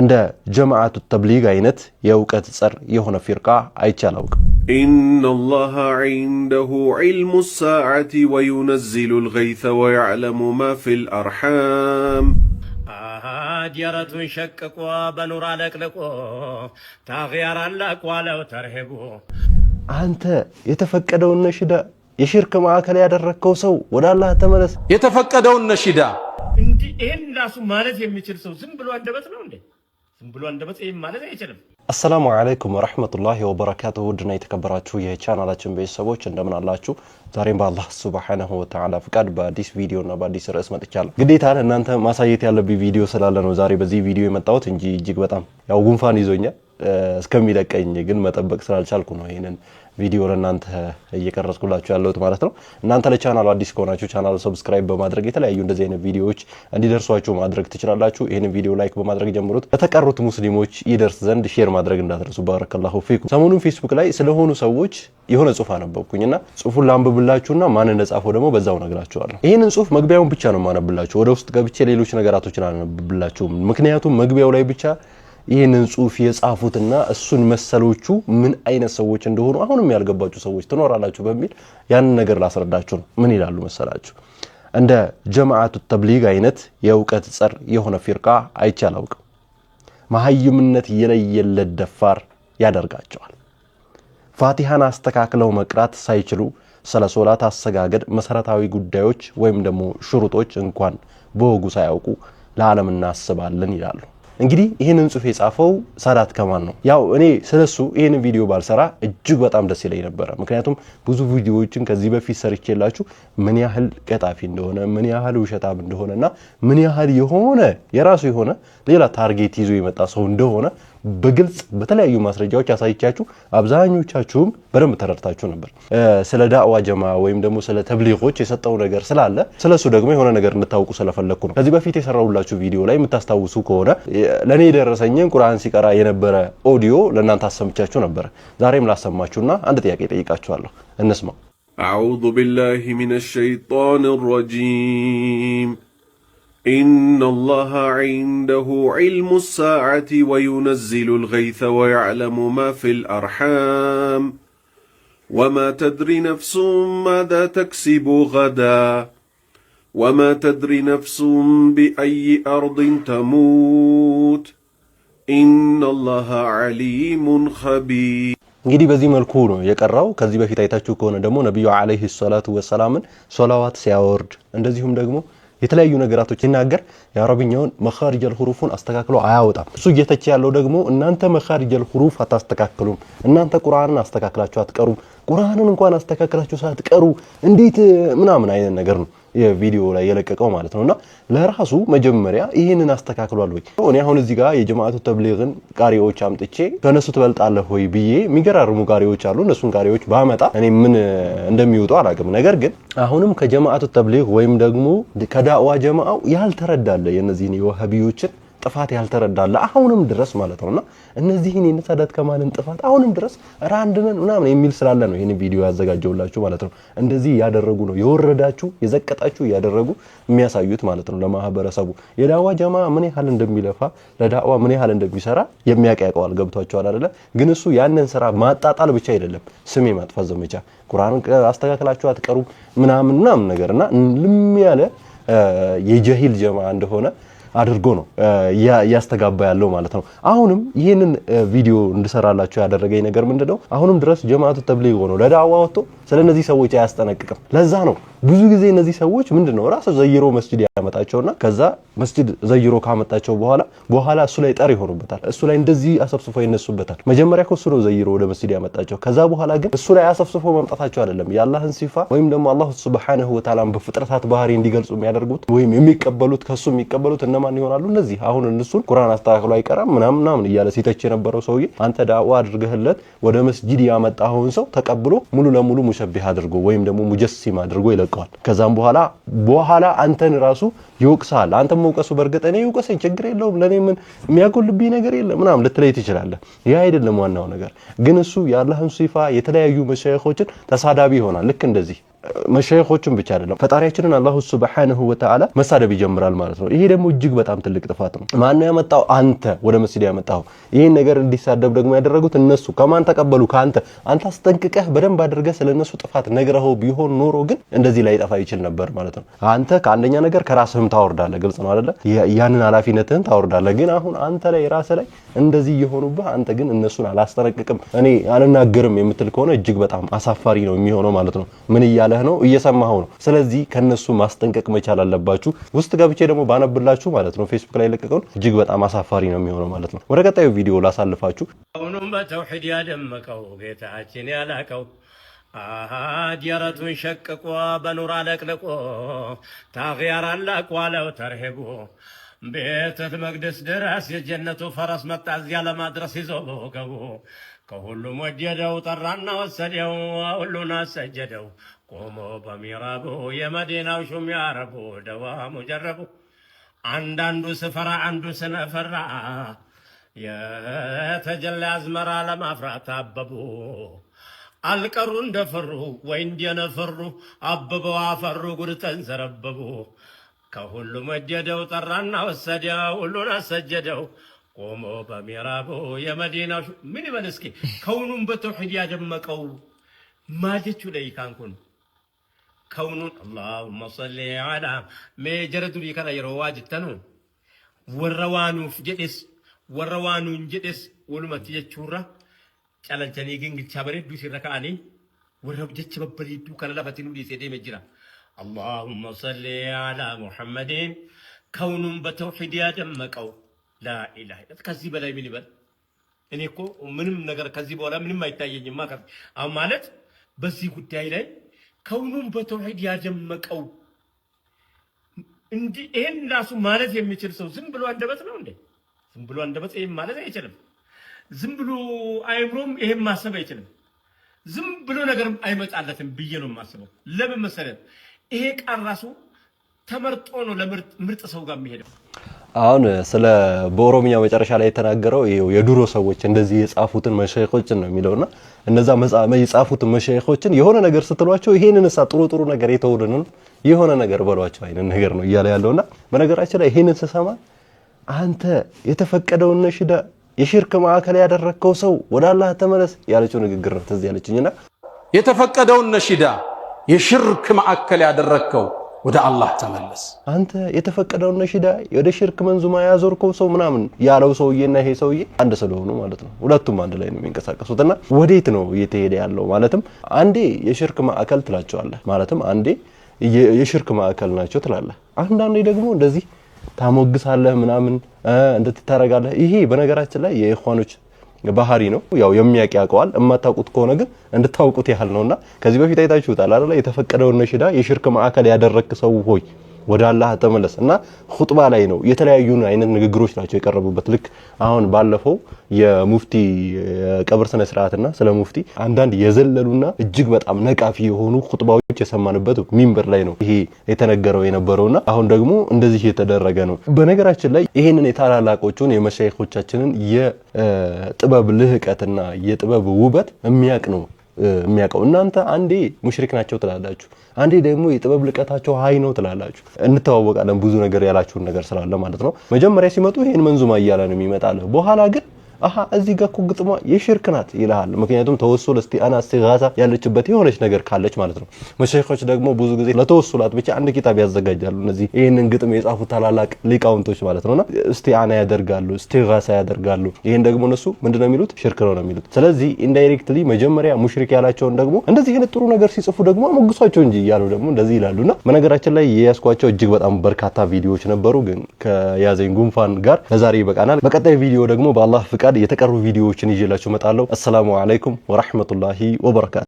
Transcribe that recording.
እንደ ጀማዓቱ ተብሊግ አይነት የእውቀት ጸር የሆነ ፊርቃ አይቼ አላውቅም። ኢነላሃ ዒንደሁ ዒልሙ ሳዓቲ ወዩነዝሉ ልገይተ ወያዕለሙ ማ ፊል አርሓም። ዲያረቱን ሸቅቆ በኑር አለቅልቆ ታኽያር አላቋለው ተርሂቡ። አንተ የተፈቀደውን ነሽዳ የሽርክ ማዕከል ያደረግከው ሰው ወደ አላህ ተመለስ። የተፈቀደውን ነሽዳ እንዲህ ይህን ራሱ ማለት የሚችል ሰው ዝም ብሎ አንደበት ነው እንዴ? ብሎ እንደ ማለት አይችልም። አሰላሙ አለይኩም ወረሕመቱላሂ ወበረካቱሁ ውድና የተከበራችሁ የቻናላችን ቤተሰቦች እንደምን አላችሁ? ዛሬም በአላህ ሱብሓነሁ ወተዓላ ፍቃድ በአዲስ ቪዲዮ እና በአዲስ ርዕስ መጥቻለሁ። ግዴታ እናንተ ማሳየት ያለብኝ ቪዲዮ ስላለ ነው ዛሬ በዚህ ቪዲዮ የመጣሁት እንጂ እጅግ በጣም ያው ጉንፋን ይዞኛል። እስከሚለቀኝ ግን መጠበቅ ስላልቻልኩ ነው ይህንን ቪዲዮ ለእናንተ እየቀረጽኩላችሁ ያለሁት ማለት ነው። እናንተ ለቻናሉ አዲስ ከሆናችሁ ቻናሉ ሰብስክራይብ በማድረግ የተለያዩ እንደዚህ አይነት ቪዲዮዎች እንዲደርሷችሁ ማድረግ ትችላላችሁ። ይህን ቪዲዮ ላይክ በማድረግ ጀምሩት፣ ለተቀሩት ሙስሊሞች ይደርስ ዘንድ ሼር ማድረግ እንዳትረሱ። ባረከላሁ ፊኩም። ሰሞኑን ፌስቡክ ላይ ስለሆኑ ሰዎች የሆነ ጽሁፍ አነበብኩኝ እና ጽሁፉን ላንብብላችሁና ማን እንደጻፈው ደግሞ በዛው ነግራችኋለሁ። ይህንን ጽሁፍ መግቢያውን ብቻ ነው ማነብላችሁ፣ ወደ ውስጥ ገብቼ ሌሎች ነገራቶችን አነብብላችሁም። ምክንያቱም መግቢያው ላይ ብቻ ይህንን ጽሁፍ የጻፉትና እሱን መሰሎቹ ምን አይነት ሰዎች እንደሆኑ አሁንም ያልገባችሁ ሰዎች ትኖራላችሁ በሚል ያንን ነገር ላስረዳችሁ ነው። ምን ይላሉ መሰላችሁ? እንደ ጀማዓቱ ተብሊግ አይነት የእውቀት ጸር የሆነ ፊርቃ አይቼ አላውቅም። መሀይምነት የለየለት ደፋር ያደርጋቸዋል። ፋቲሃን አስተካክለው መቅራት ሳይችሉ ስለ ሶላት አሰጋገድ መሰረታዊ ጉዳዮች ወይም ደግሞ ሽሩጦች እንኳን በወጉ ሳያውቁ ለዓለም እናስባለን ይላሉ። እንግዲህ ይህንን ጽሁፍ የጻፈው ሳዳት ከማል ነው። ያው እኔ ስለሱ ይህንን ቪዲዮ ባልሰራ እጅግ በጣም ደስ ይለኝ ነበረ። ምክንያቱም ብዙ ቪዲዮዎችን ከዚህ በፊት ሰርቼላችሁ ምን ያህል ቀጣፊ እንደሆነ፣ ምን ያህል ውሸታም እንደሆነ እና ምን ያህል የሆነ የራሱ የሆነ ሌላ ታርጌት ይዞ የመጣ ሰው እንደሆነ በግልጽ በተለያዩ ማስረጃዎች አሳይቻችሁ አብዛኞቻችሁም በደንብ ተረድታችሁ ነበር። ስለ ዳዕዋ ጀማ ወይም ደግሞ ስለ ተብሊጎች የሰጠው ነገር ስላለ ስለሱ ደግሞ የሆነ ነገር እንድታውቁ ስለፈለግኩ ነው። ከዚህ በፊት የሰራሁላችሁ ቪዲዮ ላይ የምታስታውሱ ከሆነ ለእኔ የደረሰኝን ቁርአን ሲቀራ የነበረ ኦዲዮ ለእናንተ አሰምቻችሁ ነበረ። ዛሬም ላሰማችሁና አንድ ጥያቄ ጠይቃችኋለሁ። እንስማው። አዑዙ ቢላሂ ሚነ ሸይጣን ረጂም إن الله عنده علم الساعة وينزل الغيث ويعلم ما في الأرحام وما تدري نفس ماذا تكسب غدا وما تدري نفس بأي أرض تموت إن الله عليم خبير እንግዲህ በዚህ መልኩ ነው የቀራው። ከዚህ በፊት አይታችሁ ከሆነ ደግሞ ነቢዩ ዓለይሂ ሰላቱ ወሰላምን ሶላዋት ሲያወርድ እንደዚሁም ደግሞ የተለያዩ ነገራቶች ሲናገር የአረብኛውን መኻሪጀል ሁሩፉን አስተካክሎ አያወጣም። እሱ እየተቸ ያለው ደግሞ እናንተ መኻሪጀል ሁሩፍ አታስተካክሉም፣ እናንተ ቁርአንን አስተካክላችሁ አትቀሩም ቁርአንን እንኳን አስተካክላችሁ ሳትቀሩ እንዴት ምናምን አይነት ነገር ነው የቪዲዮ ላይ የለቀቀው ማለት ነውና ለራሱ መጀመሪያ ይህንን አስተካክሏል ወይ? እኔ አሁን እዚህ ጋር የጀማዓቱ ተብሊግን ቃሪዎች አምጥቼ ከነሱ ትበልጣለህ ወይ ብዬ የሚገራርሙ ቃሪዎች አሉ። እነሱን ቃሪዎች ባመጣ እኔ ምን እንደሚወጡ አላውቅም። ነገር ግን አሁንም ከጀማዓቱ ተብሊግ ወይም ደግሞ ከዳዋ ጀማዓው ያልተረዳለ የነዚህን የወሃቢዎችን ጥፋት ያልተረዳለ አሁንም ድረስ ማለት ነውና እነዚህን የነሳዳት ከማንን ጥፋት አሁንም ድረስ ራንድነን ምናምን የሚል ስላለ ነው ይህን ቪዲዮ ያዘጋጀውላችሁ ማለት ነው። እንደዚህ እያደረጉ ነው የወረዳችሁ የዘቀጣችሁ እያደረጉ የሚያሳዩት ማለት ነው። ለማህበረሰቡ የዳዋ ጀማ ምን ያህል እንደሚለፋ ለዳዋ ምን ያህል እንደሚሰራ የሚያቀያቀዋል። ገብቷቸዋል አይደለ? ግን እሱ ያንን ስራ ማጣጣል ብቻ አይደለም ስም የማጥፋት ዘመቻ ቁርአን አስተካክላችሁ አትቀሩ ምናምን ምናምን ነገርና ልም ያለ የጀሂል ጀማ እንደሆነ አድርጎ ነው እያስተጋባ ያለው ማለት ነው። አሁንም ይህንን ቪዲዮ እንድሰራላቸው ያደረገኝ ነገር ምንድነው? አሁንም ድረስ ጀማቱ ተብሊግ ሆኖ ለዳዋ ወጥቶ ስለ እነዚህ ሰዎች አያስጠነቅቅም። ለዛ ነው ብዙ ጊዜ እነዚህ ሰዎች ምንድነው ራሱ ዘይሮ መስጅድ ያመጣቸውና ከዛ መስጅድ ዘይሮ ካመጣቸው በኋላ በኋላ እሱ ላይ ጠር ይሆኑበታል። እሱ ላይ እንደዚህ አሰብስፎ ይነሱበታል። መጀመሪያ እሱ ነው ዘይሮ ወደ መስጅድ ያመጣቸው። ከዛ በኋላ ግን እሱ ላይ አሰብስፎ መምጣታቸው አይደለም የአላህን ሲፋ ወይም ደግሞ አላሁ ሱብሓነሁ ወተዓላ በፍጥረታት ባህሪ እንዲገልጹ የሚያደርጉት ወይም የሚቀበሉት ከሱ የሚቀበሉት እነማ እነማን ይሆናሉ? እነዚህ አሁን እነሱን ቁርአን አስተካክሎ አይቀራም ምናምን ምናምን እያለ ሲተች የነበረው ሰውዬ አንተ ዳዋ አድርገህለት ወደ መስጂድ ያመጣኸውን ሰው ተቀብሎ ሙሉ ለሙሉ ሙሸቢህ አድርጎ ወይም ደግሞ ሙጀሲም አድርጎ ይለቀዋል። ከዛም በኋላ በኋላ አንተን ራሱ ይወቅሳል። አንተ መውቀሱ በእርግጥ እኔ ይውቀሰኝ ችግር የለውም ለኔ ምን የሚያጎልብኝ ነገር የለም ምናምን ልትለይ ትችላለህ። ይህ አይደለም ዋናው ነገር ግን እሱ የአላህን ሲፋ የተለያዩ መሸይኾችን ተሳዳቢ ይሆናል ልክ እንደዚህ መሸይኾቹን ብቻ አይደለም ፈጣሪያችንን አላሁ ሱብሓነሁ ወተዓላ መሳደብ ይጀምራል ማለት ነው። ይሄ ደግሞ እጅግ በጣም ትልቅ ጥፋት ነው። ማነው ያመጣው? አንተ ወደ መስጂድ ያመጣው። ይህን ነገር እንዲሳደብ ደግሞ ያደረጉት እነሱ ከማን ተቀበሉ? ከአንተ። አንተ አስጠንቅቀህ በደንብ አድርገህ ስለነሱ ጥፋት ነግረኸው ቢሆን ኖሮ ግን እንደዚህ ላይ ጠፋ ይችል ነበር ማለት ነው። አንተ ከአንደኛ ነገር ከራስህም ታወርዳለህ። ግልጽ ነው አይደለ? ያንን ኃላፊነትህን ታወርዳለህ። ግን አሁን አንተ ላይ ራስህ ላይ እንደዚህ የሆኑብህ አንተ ግን እነሱን አላስጠነቅቅም እኔ አልናገርም የምትል ከሆነ እጅግ በጣም አሳፋሪ ነው የሚሆነው ማለት ነው። ምን እያለ ብለህ ነው እየሰማኸው ነው። ስለዚህ ከነሱ ማስጠንቀቅ መቻል አለባችሁ። ውስጥ ገብቼ ደግሞ ባነብላችሁ ማለት ነው ፌስቡክ ላይ ለቀቀውን እጅግ በጣም አሳፋሪ ነው የሚሆነው ማለት ነው። ወደ ቀጣዩ ቪዲዮ ላሳልፋችሁ። አሁኑም በተውሒድ ያደመቀው ጌታችን ያላቀው አሃድ የረቱን ሸቅቆ በኑር አለቅልቆ ታኽያር አላቋለው አለው ቤተት መቅደስ ድረስ የጀነቱ ፈረስ መጣ እዚያ ለማድረስ ይዞ በወገቡ ከሁሉም ወደደው ጠራና ወሰደው ሁሉን አሰጀደው ቆሞ በሚራቡ የመዲናው ሹም ያረቡ ደዋ ሙጀረቡ አንዳንዱ ስፈራ አንዱ ስነፈራ የተጀላ አዝመራ ለማፍራት አበቡ አልቀሩ እንደፈሩ ወይ እንደነፈሩ አብበው አፈሩ ጉድ ተንዘረበቡ ከሁሉም ወደደው ጠራና ወሰደው ሁሉን አሰጀደው ቆሞ በሚራቦ የመዲና ምን ይበል እስኪ ከውኑን በተውሒድ ያደመቀው ማጀቹ ላይ ካንኩን ከውኑን አላሁመ ሰሊ ዐላ ሜጀረ ዱሪ ከነ የሮ ወረዋኑፍ ጀደስ ወረዋኑን ጀደስ ወሉመት የቹራ ጨለንቸኒ ግንግቻ በሬዱት ይረካኒ ወረብ ጀች በበሪዱ ከነ ሊሴዴ መጅራ አላሁመ ሰሊ ዐላ ሙሐመድን ከውኑን በተውሒድ ያደመቀው ላኢላህ ከዚህ በላይ ምን ይበል? እኔ እኮ ምንም ነገር ከዚህ በኋላ ምንም አይታየኝማ። አሁን ማለት በዚህ ጉዳይ ላይ ከውኑን በተውሂድ ያደመቀው እንዲህ ይሄን ራሱ ማለት የሚችል ሰው ዝም ብሎ አንደበት ነው እንዴ? ዝም ብሎ አንደበት ይሄን ማለት አይችልም። ዝም ብሎ አይምሮም ይሄን ማሰብ አይችልም። ዝም ብሎ ነገርም አይመጣለትም ብዬ ነው የማስበው። ለምን መሰለህ ይሄ ቃል ራሱ ተመርጦ ነው ለምርጥ ሰው ጋር የሚሄደው። አሁን ስለ በኦሮምኛ መጨረሻ ላይ የተናገረው የድሮ ሰዎች እንደዚህ የጻፉትን መሸኮችን ነው የሚለውና እነዛ የጻፉትን መሸኮችን የሆነ ነገር ስትሏቸው ይሄንን እሳ ጥሩ ጥሩ ነገር የተውልንን የሆነ ነገር በሏቸው አይነት ነገር ነው እያለ ያለውና በነገራችን ላይ ይሄንን ስሰማ አንተ የተፈቀደውን ነሽዳ የሽርክ ማዕከል ያደረግከው ሰው ወደ አላህ ተመለስ ያለችው ንግግር ነው ትዝ ያለችኝና የተፈቀደውን ነሽዳ የሽርክ ማዕከል ያደረግከው ወደ አላህ ተመለስ። አንተ የተፈቀደውን ነሽዳ ወደ ሽርክ መንዙማ ያዞርከው ሰው ምናምን ያለው ሰውዬና ይሄ ሰውዬ አንድ ስለሆኑ ማለት ነው። ሁለቱም አንድ ላይ ነው የሚንቀሳቀሱትና ወዴት ነው እየተሄደ ያለው? ማለትም አንዴ የሽርክ ማዕከል ትላቸዋለህ፣ ማለትም አንዴ የሽርክ ማዕከል ናቸው ትላለህ። አንዳንዴ ደግሞ እንደዚህ ታሞግሳለህ ምናምን እንደትታረጋለህ። ይሄ በነገራችን ላይ የኢኽዋኖች ባህሪ ነው። ያው የሚያውቅ ያውቀዋል። የማታውቁት ከሆነ ግን እንድታውቁት ያህል ነውና ከዚህ በፊት አይታችሁታል አይደል? የተፈቀደውን ነሽዳ የሽርክ ማዕከል ያደረክ ሰው ሆይ ወደ አላህ ተመለስ እና ኹጥባ ላይ ነው የተለያዩ አይነት ንግግሮች ናቸው የቀረቡበት። ልክ አሁን ባለፈው የሙፍቲ ቀብር ስነ ስርዓትና ስለ ሙፍቲ አንዳንድ የዘለሉና እጅግ በጣም ነቃፊ የሆኑ ኹጥባዎች የሰማንበት ሚንበር ላይ ነው ይሄ የተነገረው የነበረውና አሁን ደግሞ እንደዚህ የተደረገ ነው። በነገራችን ላይ ይሄንን የታላላቆቹን የመሻይኮቻችንን የጥበብ ልህቀትና የጥበብ ውበት የሚያቅ ነው የሚያውቀው። እናንተ አንዴ ሙሽሪክ ናቸው ትላላችሁ፣ አንዴ ደግሞ የጥበብ ልቀታቸው ሀይ ነው ትላላችሁ። እንተዋወቃለን ብዙ ነገር ያላችሁን ነገር ስላለ ማለት ነው። መጀመሪያ ሲመጡ ይህን መንዙማ እያለ ነው የሚመጣለ በኋላ ግን አሀ እዚህ ጋር እኮ ግጥሟ የሽርክ ናት ይልሃል። ምክንያቱም ተወሱል እስቲአና እስቲጋሳ ያለችበት የሆነች ነገር ካለች ማለት ነው። መሸኮች ደግሞ ብዙ ጊዜ ለተወሱላት ብቻ አንድ ኪታብ ያዘጋጃሉ። እነዚህ ይህንን ግጥም የጻፉ ታላላቅ ሊቃውንቶች ማለት ነውና አና ያደርጋሉ፣ እስቲጋሳ ያደርጋሉ። ይህን ደግሞ እነሱ ነው የሚሉት ሽርክ ነው ነው የሚሉት። ስለዚህ ኢንዳይሬክትሊ መጀመሪያ ሙሽሪክ ያላቸውን ደግሞ እንደዚህ አይነት ጥሩ ነገር ሲጽፉ ደግሞ አሞግሷቸው እንጂ እያሉ ደግሞ እንደዚህ ይላሉና በነገራችን ላይ የያዝኳቸው እጅግ በጣም በርካታ ቪዲዮዎች ነበሩ፣ ግን ከያዘኝ ጉንፋን ጋር ለዛሬ ይበቃናል። በቀጣይ ቪዲዮ ደግሞ በአላህ ፍቃድ የተቀሩ ቪዲዮዎችን ይዤላችሁ እመጣለሁ። አሰላሙ አለይኩም ወራህመቱላሂ ወበረካቱ